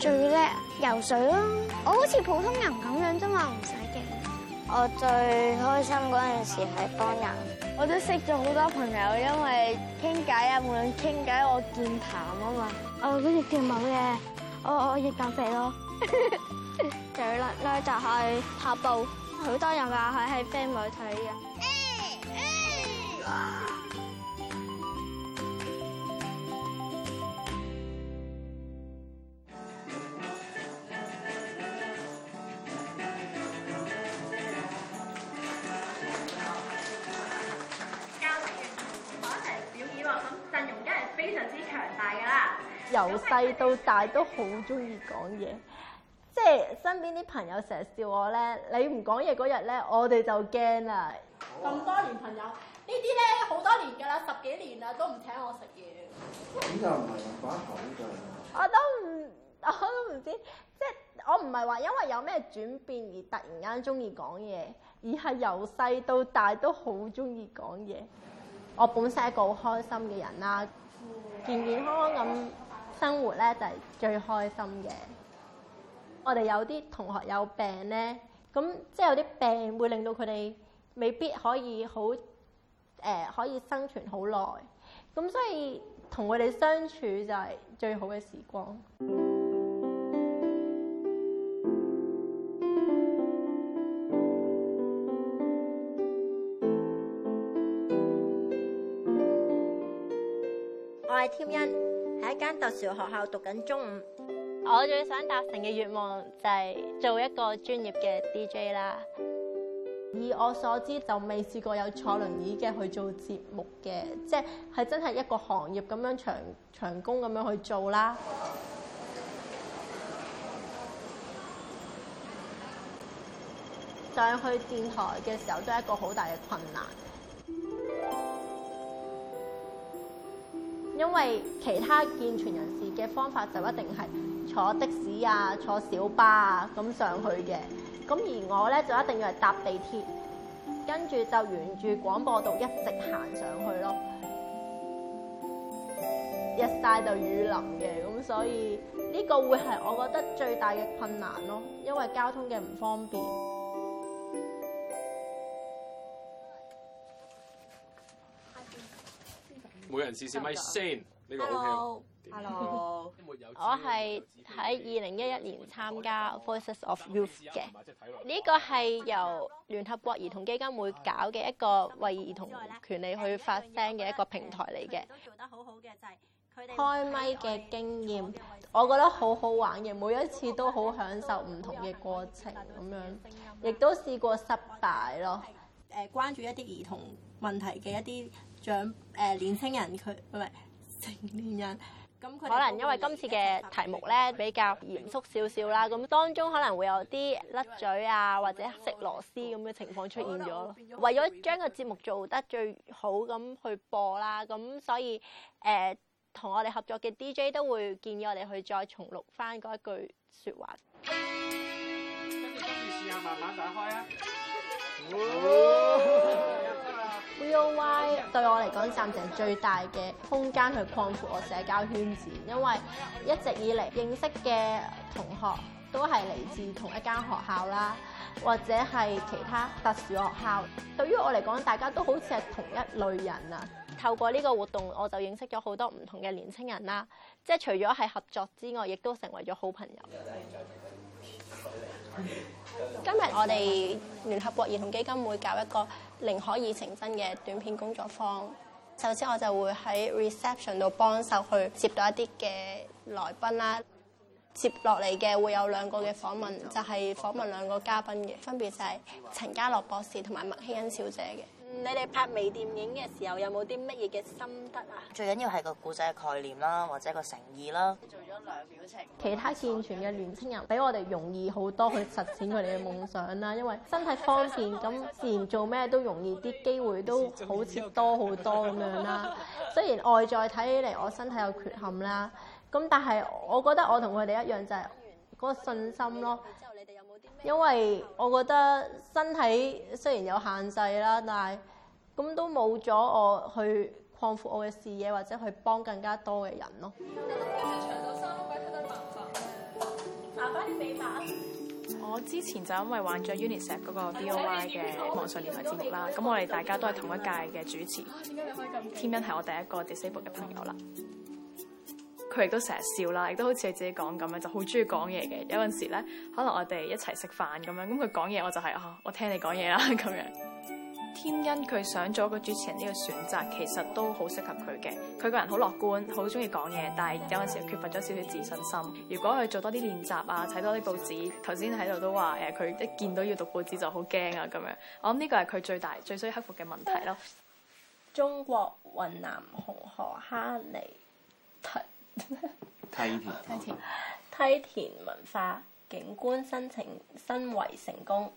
最叻游水咯，我好似普通人咁樣啫嘛，唔使勁。我最開心嗰陣時係幫人，我都識咗好多朋友，因為傾偈啊，無論傾偈我健談啊嘛。哦，係嗰隻鄭嘅，哦，我亦減肥咯。 最叻咧就係跑步，好多人話佢係喺飛馬睇嘅。欸欸咁陣容真係非常之強大噶啦！由細到大都好中意講嘢，即係身邊啲朋友成日笑我咧。你唔講嘢嗰日咧，我哋就驚啦。咁多年朋友，呢啲咧好多年噶啦，十幾年啦都唔請我食嘢。咁就唔係同把口嘅。我都唔，我都唔知，即係我唔係話因為有咩轉變而突然間中意講嘢，而係由細到大都好中意講嘢。我本身係一個好開心嘅人啦，健健康康咁生活咧就係最開心嘅。我哋有啲同學有病咧，咁即係有啲病會令到佢哋未必可以好，誒、呃、可以生存好耐。咁所以同佢哋相處就係最好嘅時光。添欣喺一間特殊學校讀緊中五，我最想達成嘅願望就係做一個專業嘅 DJ 啦。以我所知，就未試過有坐輪椅嘅去做節目嘅，嗯，即係真係一個行業咁樣長長工咁樣去做啦。嗯、上去電台嘅時候，都係一個好大嘅困難。因為其他健全人士嘅方法就一定係坐的士啊、坐小巴啊咁上去嘅，咁而我咧就一定要係搭地鐵，跟住就沿住廣播道一直行上去咯。日曬就雨淋嘅，咁所以呢個會係我覺得最大嘅困難咯，因為交通嘅唔方便。試試咪先。Hello，我係喺二零一一年參加 Voices of Youth 嘅，呢、呢個係由聯合國兒童基金會搞嘅一個為兒童權利去發聲嘅一個平台嚟嘅。得開咪嘅經驗，我覺得好好玩嘅，每一次都好享受唔同嘅過程咁樣，亦都試過失敗咯。誒，關注一啲兒童問題嘅一啲。兩、呃、年輕人佢唔係成年人，咁佢可能因為今次嘅題目咧比較嚴肅少少啦，咁當中可能會有啲甩嘴啊或者食螺絲咁嘅情況出現咗。為咗將個節目做得最好咁去播啦，咁所以誒同、呃、我哋合作嘅 DJ 都會建議我哋去再重錄翻嗰一句説話。跟住試下慢慢打開啊！哦 U Y 對我嚟講暫時係最大嘅空間去擴闊我社交圈子，因為一直以嚟認識嘅同學都係嚟自同一間學校啦，或者係其他特殊學校。對於我嚟講，大家都好似係同一類人啊。透過呢個活動，我就認識咗好多唔同嘅年輕人啦，即係除咗係合作之外，亦都成為咗好朋友。 今日我哋聯合國兒童基金會搞一個寧可以成真嘅短片工作坊。首先我就會喺 reception 度幫手去接到一啲嘅來賓啦。接落嚟嘅會有兩個嘅訪問，就係、是、訪問兩個嘉賓嘅，分別就係陳家洛博士同埋麥希恩小姐嘅。你哋拍微電影嘅時候有冇啲乜嘢嘅心得啊？最緊要係個故仔概念啦，或者個誠意啦。做咗兩表情。其他健全嘅年輕人比我哋容易好多 去實踐佢哋嘅夢想啦，因為身體方便，咁 自然做咩都容易啲，機 會都好似多好多咁樣啦。 雖然外在睇起嚟我身體有缺陷啦，咁但係我覺得我同佢哋一樣就係、是、嗰個信心咯。因為我覺得身體雖然有限制啦，但係咁都冇咗我去擴闊我嘅視野，或者去幫更加多嘅人咯。得麻煩你，我之前就因為玩咗 UNICEF 嗰個 VOY 嘅網上電台節目啦，咁、嗯、我哋大家都係同一屆嘅主持。添欣你係我第一個 disable 嘅朋友啦。佢亦都成日笑啦，亦都好似你自己講咁樣，就好中意講嘢嘅。有陣時咧，可能我哋一齊食飯咁樣，咁佢講嘢，我就係、是、啊，我聽你講嘢啦咁樣。添欣佢想做個主持人呢個選擇，其實都好適合佢嘅。佢個人好樂觀，好中意講嘢，但係有陣時缺乏咗少少自信心。如果佢做多啲練習啊，睇多啲報紙，頭先喺度都話誒，佢一見到要讀報紙就好驚啊咁樣。我諗呢個係佢最大、最需要克服嘅問題咯。中國雲南紅河哈尼梯田，梯田，梯田文化景觀申請申遺成功，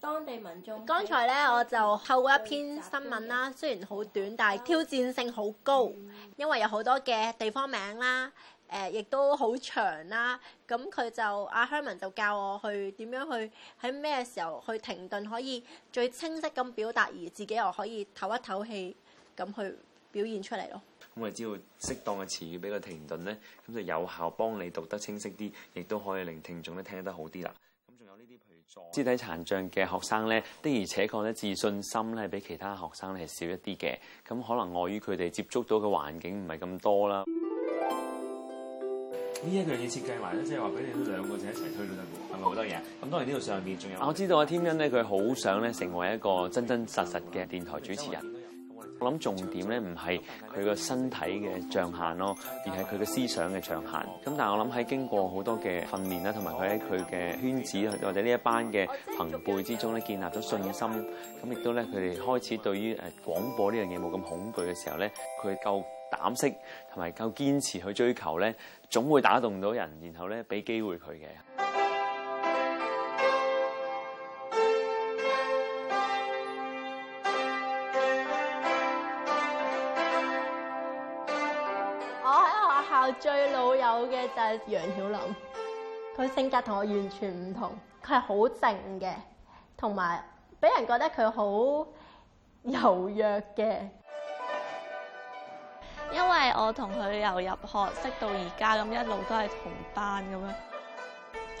當地民眾。剛才咧，我就透過一篇新聞啦，雖然好短，但係挑戰性好高，嗯，因為有好多嘅地方名啦，誒，亦都好長啦。咁佢就阿香文就教我去點樣去喺咩時候去停頓，可以最清晰咁表達，而自己又可以唞一唞氣咁去表現出嚟咯。咁啊，只要適當嘅詞語俾佢停頓咧，咁就有效幫你讀得清晰啲，亦都可以令聽眾咧聽得好啲啦。咁仲有呢啲，譬如肢體殘障嘅學生咧，的而且確咧自信心咧比其他學生咧係少一啲嘅。咁可能礙於佢哋接觸到嘅環境唔係咁多啦。呢一樣嘢設計埋咧，即係話俾你兩個字一齊推都得嘅，係咪好多嘢。啊？咁當然呢度上面仲有。我知道阿添欣咧，佢好想咧成為一個真真實實嘅電台主持人。我諗重點咧唔係佢個身體嘅上限咯，而係佢嘅思想嘅上限。咁但係我諗喺經過好多嘅訓練啦，同埋佢喺佢嘅圈子，或者呢一班嘅朋輩之中咧，建立咗信心。咁亦都咧，佢哋開始對於誒廣播呢樣嘢冇咁恐懼嘅時候咧，佢夠膽識，同埋夠堅持去追求咧，總會打動到人，然後咧俾機會佢嘅。嘅就係、是、楊曉林，佢性格同我完全唔同，佢係好靜嘅，同埋俾人覺得佢好柔弱嘅。因為我同佢由入學識到而家咁，一路都係同班咁樣。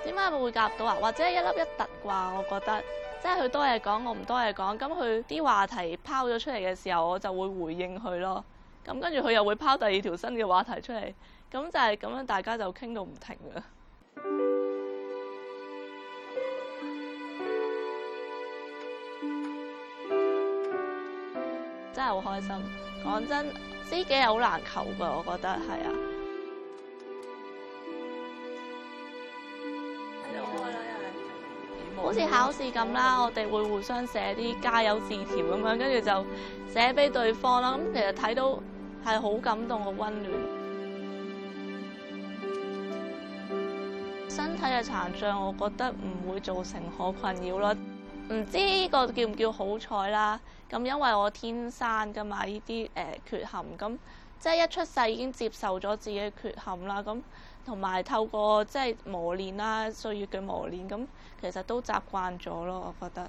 點解會夾到啊？或者一粒一突啩？我覺得即係佢多嘢講，我唔多嘢講。咁佢啲話題拋咗出嚟嘅時候，我就會回應佢咯。咁跟住佢又會拋第二條新嘅話題出嚟。咁就係咁樣，大家就傾到唔停啊！ 真係好開心。講真，知己係好難求噶，我覺得係啊。 好似考試咁啦， 我哋會互相寫啲加油字條咁樣，跟住就寫俾對方啦。咁其實睇到係好感動，好溫暖。身體嘅殘障，我覺得唔會造成可困擾咯。唔知呢個叫唔叫好彩啦？咁因為我天生噶嘛呢啲誒缺陷，咁即係一出世已經接受咗自己嘅缺陷啦。咁同埋透過即係磨練啦，歲月嘅磨練，咁其實都習慣咗咯。我覺得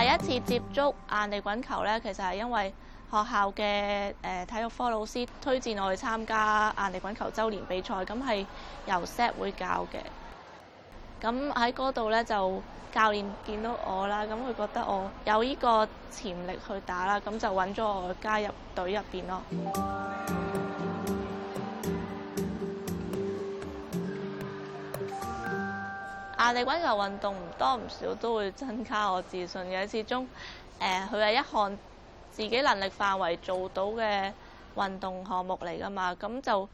第一次接觸硬地滾球咧，其實係因為學校嘅誒體育科老師推薦我去參加硬地滾球週年比賽，咁係由 set 會教嘅。咁喺嗰度咧就教練見到我啦，咁佢覺得我有呢個潛力去打啦，咁就揾咗我加入隊入邊咯。硬地滾球運動唔多唔少都會增加我自信嘅，始終誒佢係一項。自己能力範圍做到嘅運動項目嚟㗎嘛，咁就誒、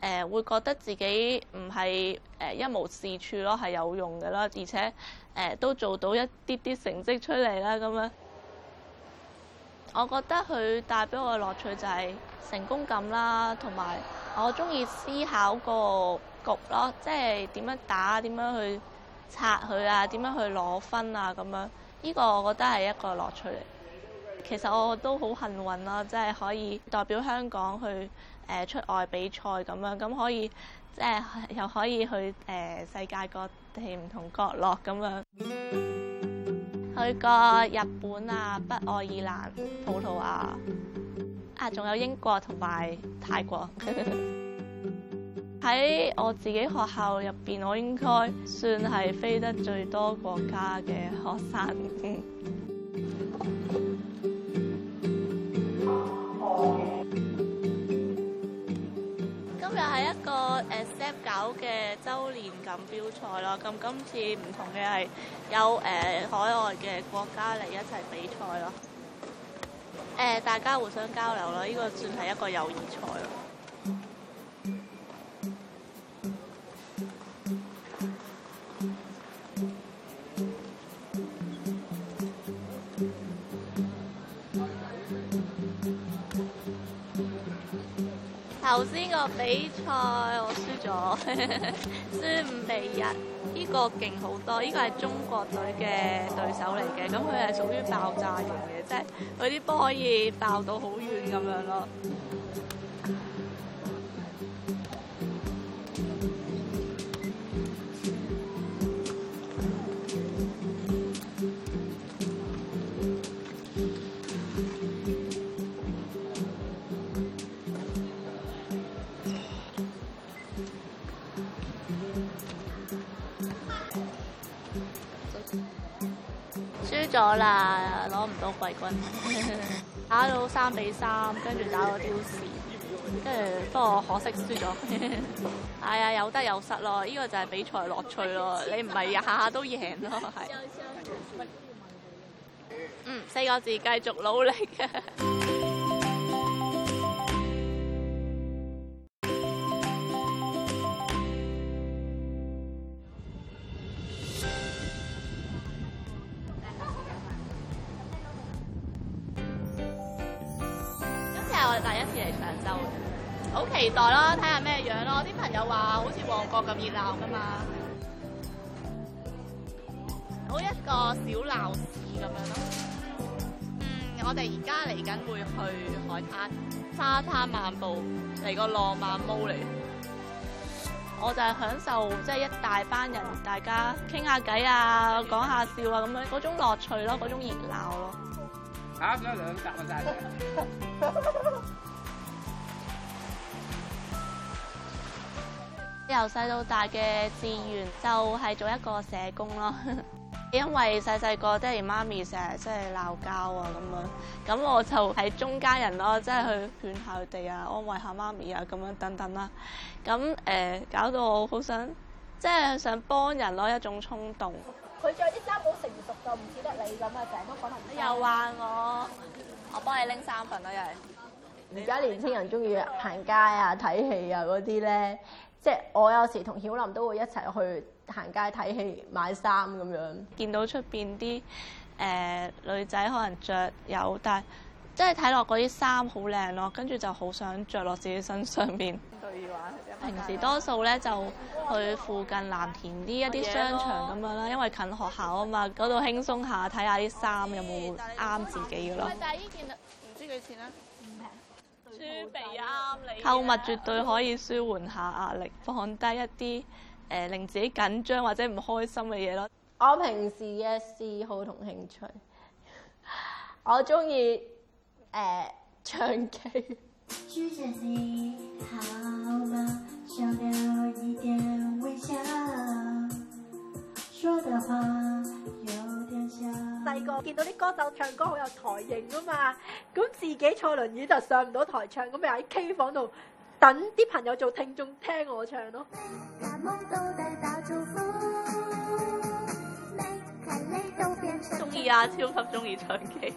呃、會覺得自己唔係誒一無是處咯，係有用㗎啦，而且誒、呃、都做到一啲啲成績出嚟啦，咁樣。我覺得佢帶俾我嘅樂趣就係成功感啦，同埋我中意思考個局咯，即係點樣打、點樣去拆佢啊、點樣去攞分啊咁樣。呢、呢個我覺得係一個樂趣嚟。其實我都好幸運啦，即係可以代表香港去誒出外比賽咁樣，咁可以即係又可以去誒世界各地唔同角落咁樣。去過日本啊、北愛爾蘭、葡萄牙啊，仲有英國同埋泰國。喺 我自己學校入邊，我應該算係飛得最多國家嘅學生。 又係一個誒 SF 九嘅周年錦標賽啦，咁今次唔同嘅係有誒海外嘅國家嚟一齊比賽咯，誒大家互相交流啦，呢、呢個算係一個友誼賽咯。比賽我輸咗，輸五比一。呢個勁好多，呢個係中國隊嘅對手嚟嘅，咁佢係屬於爆炸型嘅，即係佢啲波可以爆到好遠咁樣咯。好啦，攞唔到季軍， 打到三比三，跟住打到超時，跟住不過可惜輸咗。係 啊、哎，有得有失咯，呢、這個就係比賽樂趣咯。你唔係下下都贏咯，係。嗯，四個字，繼續努力。 熱鬧噶嘛，好一個小鬧市咁樣咯。嗯，我哋而家嚟緊會去海灘，沙灘漫步嚟個浪漫貓嚟。我就係享受即係、就是、一大班人，大家傾下偈啊，講下笑啊，咁樣嗰種樂趣咯，嗰種熱鬧咯。吓，仲有兩集啊？真係、啊。 由細到大嘅志願就係、是、做一個社工咯，因為細細個爹哋媽咪成日即係鬧交啊，咁樣，咁我就係中間人咯，即、就、係、是、去勸下佢哋啊，安慰下媽咪啊咁樣等等啦，咁誒、呃、搞到我好想即係、就是、想幫人咯，一種衝動。佢着啲衫好成熟噶，唔似得你咁啊，成日都紅衫。又話我，我幫你拎三份啦又係。而家年輕人中意行街啊、睇戲啊嗰啲咧，即係我有時同曉林都會一齊去行街睇戲、買衫咁樣。見到出邊啲誒女仔可能着有，但係即係睇落嗰啲衫好靚咯，跟住就好想着落自己身上面。例如話，平時多數咧就去附近藍田啲一啲商場咁樣啦，因為近學校啊嘛，嗰度輕鬆下睇下啲衫有冇啱自己噶咯。喂，但係呢件唔知幾錢啊？購物絕對可以舒緩下壓力，放低一啲誒、呃、令自己緊張或者唔開心嘅嘢咯。我平時嘅嗜好同興趣，我中意誒唱 K。細個見到啲歌手唱歌好有台型㗎嘛，咁自己坐輪椅就上唔到台唱，咁咪喺 K 房度等啲朋友做聽眾聽我唱咯，哦。中意啊，超級中意唱 K，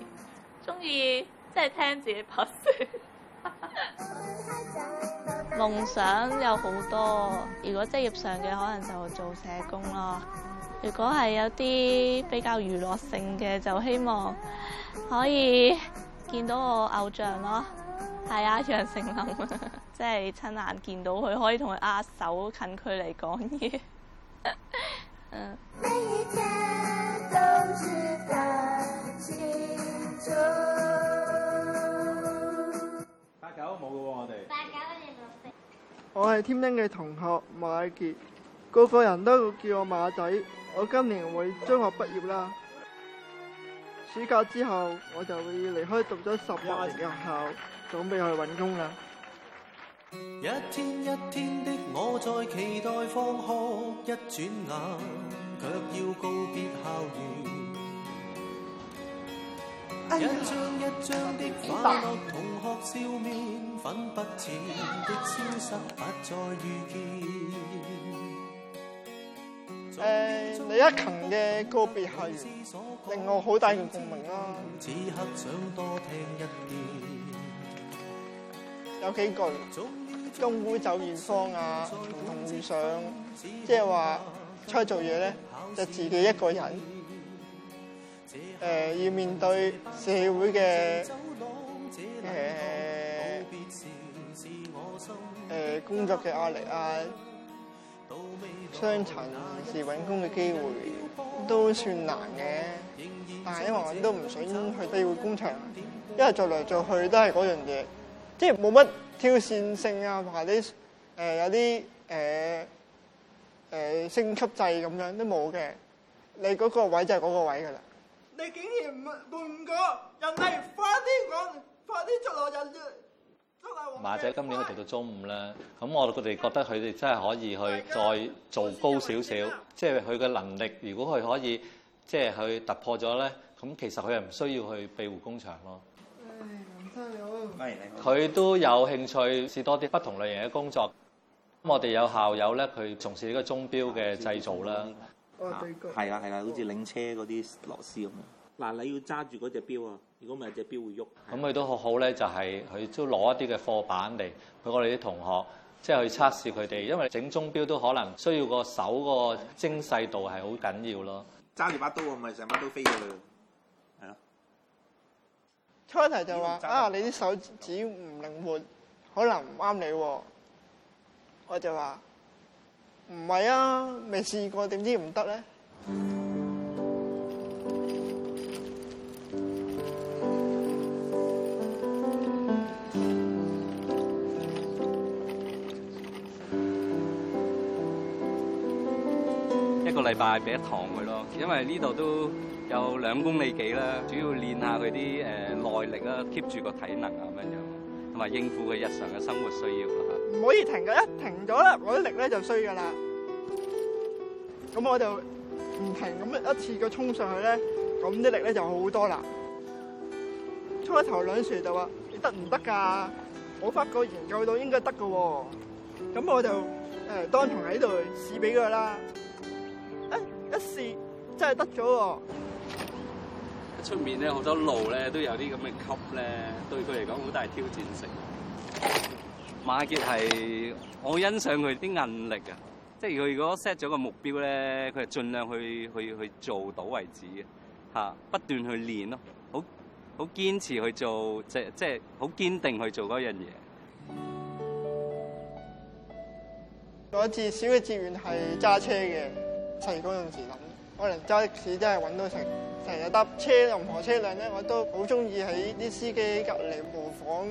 中意即係聽自己拍雪。夢 想有好多，如果職業上嘅可能就做社工咯。如果係有啲比較娛樂性嘅，就希望可以見到我偶像咯，係、哎、啊，楊丞琳， 即係親眼見到佢，可以同佢握手，近距離講嘢。嗯 八九冇噶喎，我哋。八九，我係添欣嘅同學馬偉杰，個個人都會叫我馬仔。我今年會中學畢業了，暑假之後我就會離開讀咗十八年嘅學校，準備去揾工啦。一天一天的我在期待放學，一轉眼卻要告別校園。哎、一張一張的快樂同學笑面，粉不似的消失，不再遇見。誒、呃，李克勤嘅告別校園時令我好大嘅共鳴啊！有幾句《金烏走遠方》啊，同上，即係話出去做嘢咧，就是呢就是、自己一個人，誒、呃，要面對社會嘅誒，誒、呃呃，工作嘅壓力啊！傷殘人士搵工嘅機會都算難嘅，但係因為我都唔想去庇護工場，因為做嚟做去都係嗰樣嘢，即係冇乜挑戰性啊，或者誒有啲誒誒升級制咁樣都冇嘅，你嗰個位就係嗰個位噶啦。你竟然唔換過，人哋快啲講，快啲做落去。馬仔今年佢做到中五啦，咁我哋覺得佢哋真係可以去再做高少少、就是，即係佢嘅能力。如果佢可以即係去突破咗咧，咁其實佢係唔需要去庇護工場咯。唉、哎，林生你好，歡迎你。佢都有興趣試多啲不同類型嘅工作。咁我哋有校友咧，佢從事呢個鐘錶嘅製造啦，係啊，係啊，好似、啊、領車嗰啲螺絲咁樣。嗱，你要揸住嗰隻錶啊！如果唔係隻錶會喐。咁佢都好好咧，就係佢都攞一啲嘅貨板嚟，俾我哋啲同學即係去測試佢哋，因為整鐘錶都可能需要個手個精細度係好緊要咯。揸住把刀，係咪成把刀飛過去，係咯。初一提就話啊，你啲手指唔靈活，可能唔啱你喎。我就話唔係啊，未試過點知唔得咧？嗯大畀一堂佢咯，因為呢度都有兩公里幾啦，主要練下佢啲誒耐力啦，keep 住個體能啊咁樣樣，同埋應付佢日常嘅生活需要咯。唔可以停噶，一停咗咧，我啲力咧就衰噶啦。咁我就唔停，咁一次嘅衝上去咧，咁啲力咧就好多啦。衝一頭兩樹就話：你得唔得㗎？我發覺研究到應該得㗎喎。咁我就誒、呃、當場喺度試俾佢啦。一試真係得咗喎、啊！出面咧好多路咧都有啲咁嘅級咧，對佢嚟講好大挑戰性。馬傑係我欣賞佢啲韌力啊！即係佢如果 set 咗個目標咧，佢係盡量去去去做到為止嘅嚇，不斷去練咯，好好堅持去做，即即係好堅定去做嗰樣嘢。我自小嘅志願係揸車嘅。細嗰陣時諗，可能揸的士真係搵到成成日搭車，任何車輛咧，我都好中意喺啲司機隔籬模仿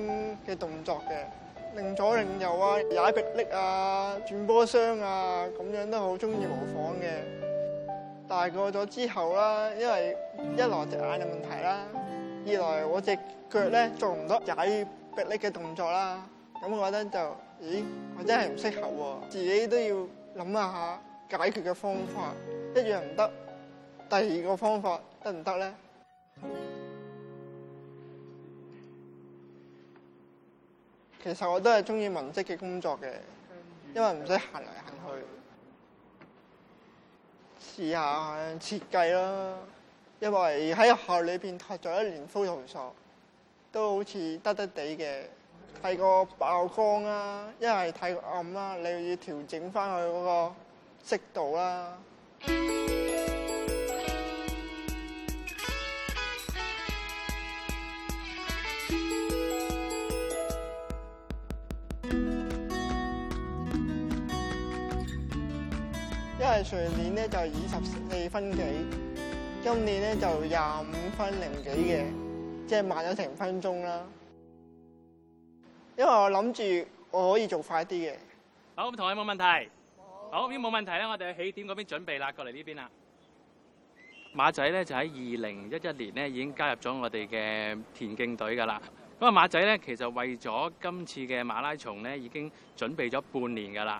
嘅動作嘅，擰左擰右啊，踩迫力啊，轉波箱啊，咁樣都好中意模仿嘅。大個咗之後啦，因為一來隻眼嘅問題啦，二來我隻腳咧做唔得踩迫力嘅動作啦，咁我覺得就，咦，我真係唔適合喎、啊，自己都要諗下。解決嘅方法一樣唔得，第二個方法得唔得咧？其實我都係中意文職嘅工作嘅，因為唔使行嚟行去。試下設計啦，因為喺學校裏邊學咗一年 Photoshop 都好似得得地嘅。睇個曝光啦、啊，一係睇個暗啦、啊，你要調整翻佢嗰個。識到啦！因為，上年咧就二十四分幾，今年咧就廿五分零幾嘅，即係慢咗成分鐘啦。因為我諗住我可以做快啲嘅，好，咁同你冇問題。好，咁冇問題咧，我哋喺起點嗰邊準備啦，過嚟呢邊啦。馬仔咧就喺二零一一年咧已經加入咗我哋嘅田徑隊㗎喇。咁啊，馬仔咧其實為咗今次嘅馬拉松咧已經準備咗半年㗎喇。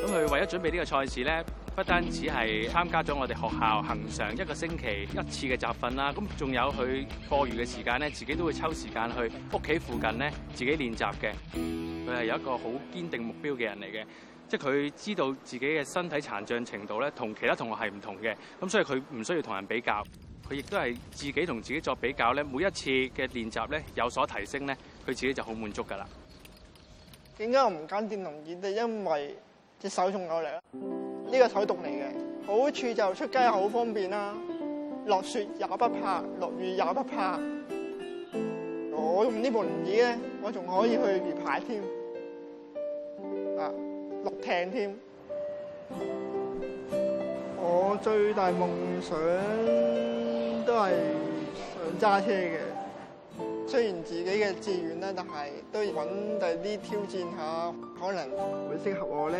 咁佢為咗準備呢個賽事咧，不單止係參加咗我哋學校恆常一個星期一次嘅集訓啦，咁仲有佢課餘嘅時間咧，自己都會抽時間去屋企附近咧自己練習嘅。佢係有一個好堅定目標嘅人嚟嘅，即係佢知道自己嘅身體殘障程度咧，同其他同學係唔同嘅，咁所以佢唔需要同人比較，佢亦都係自己同自己作比較咧。每一次嘅練習咧有所提升咧，佢自己就好滿足㗎喇。點解我唔揀電動椅咧？因為隻手仲有力啊！呢、這個手動嚟嘅，好處就出街好方便啦，落雪也不怕，落雨也不怕。我用呢部輪椅咧，我仲可以去魚排添，啊，落艇添。我最大夢想都係想揸車嘅，雖然自己嘅志願咧，但係都要揾第啲挑戰下，可能會適合我咧。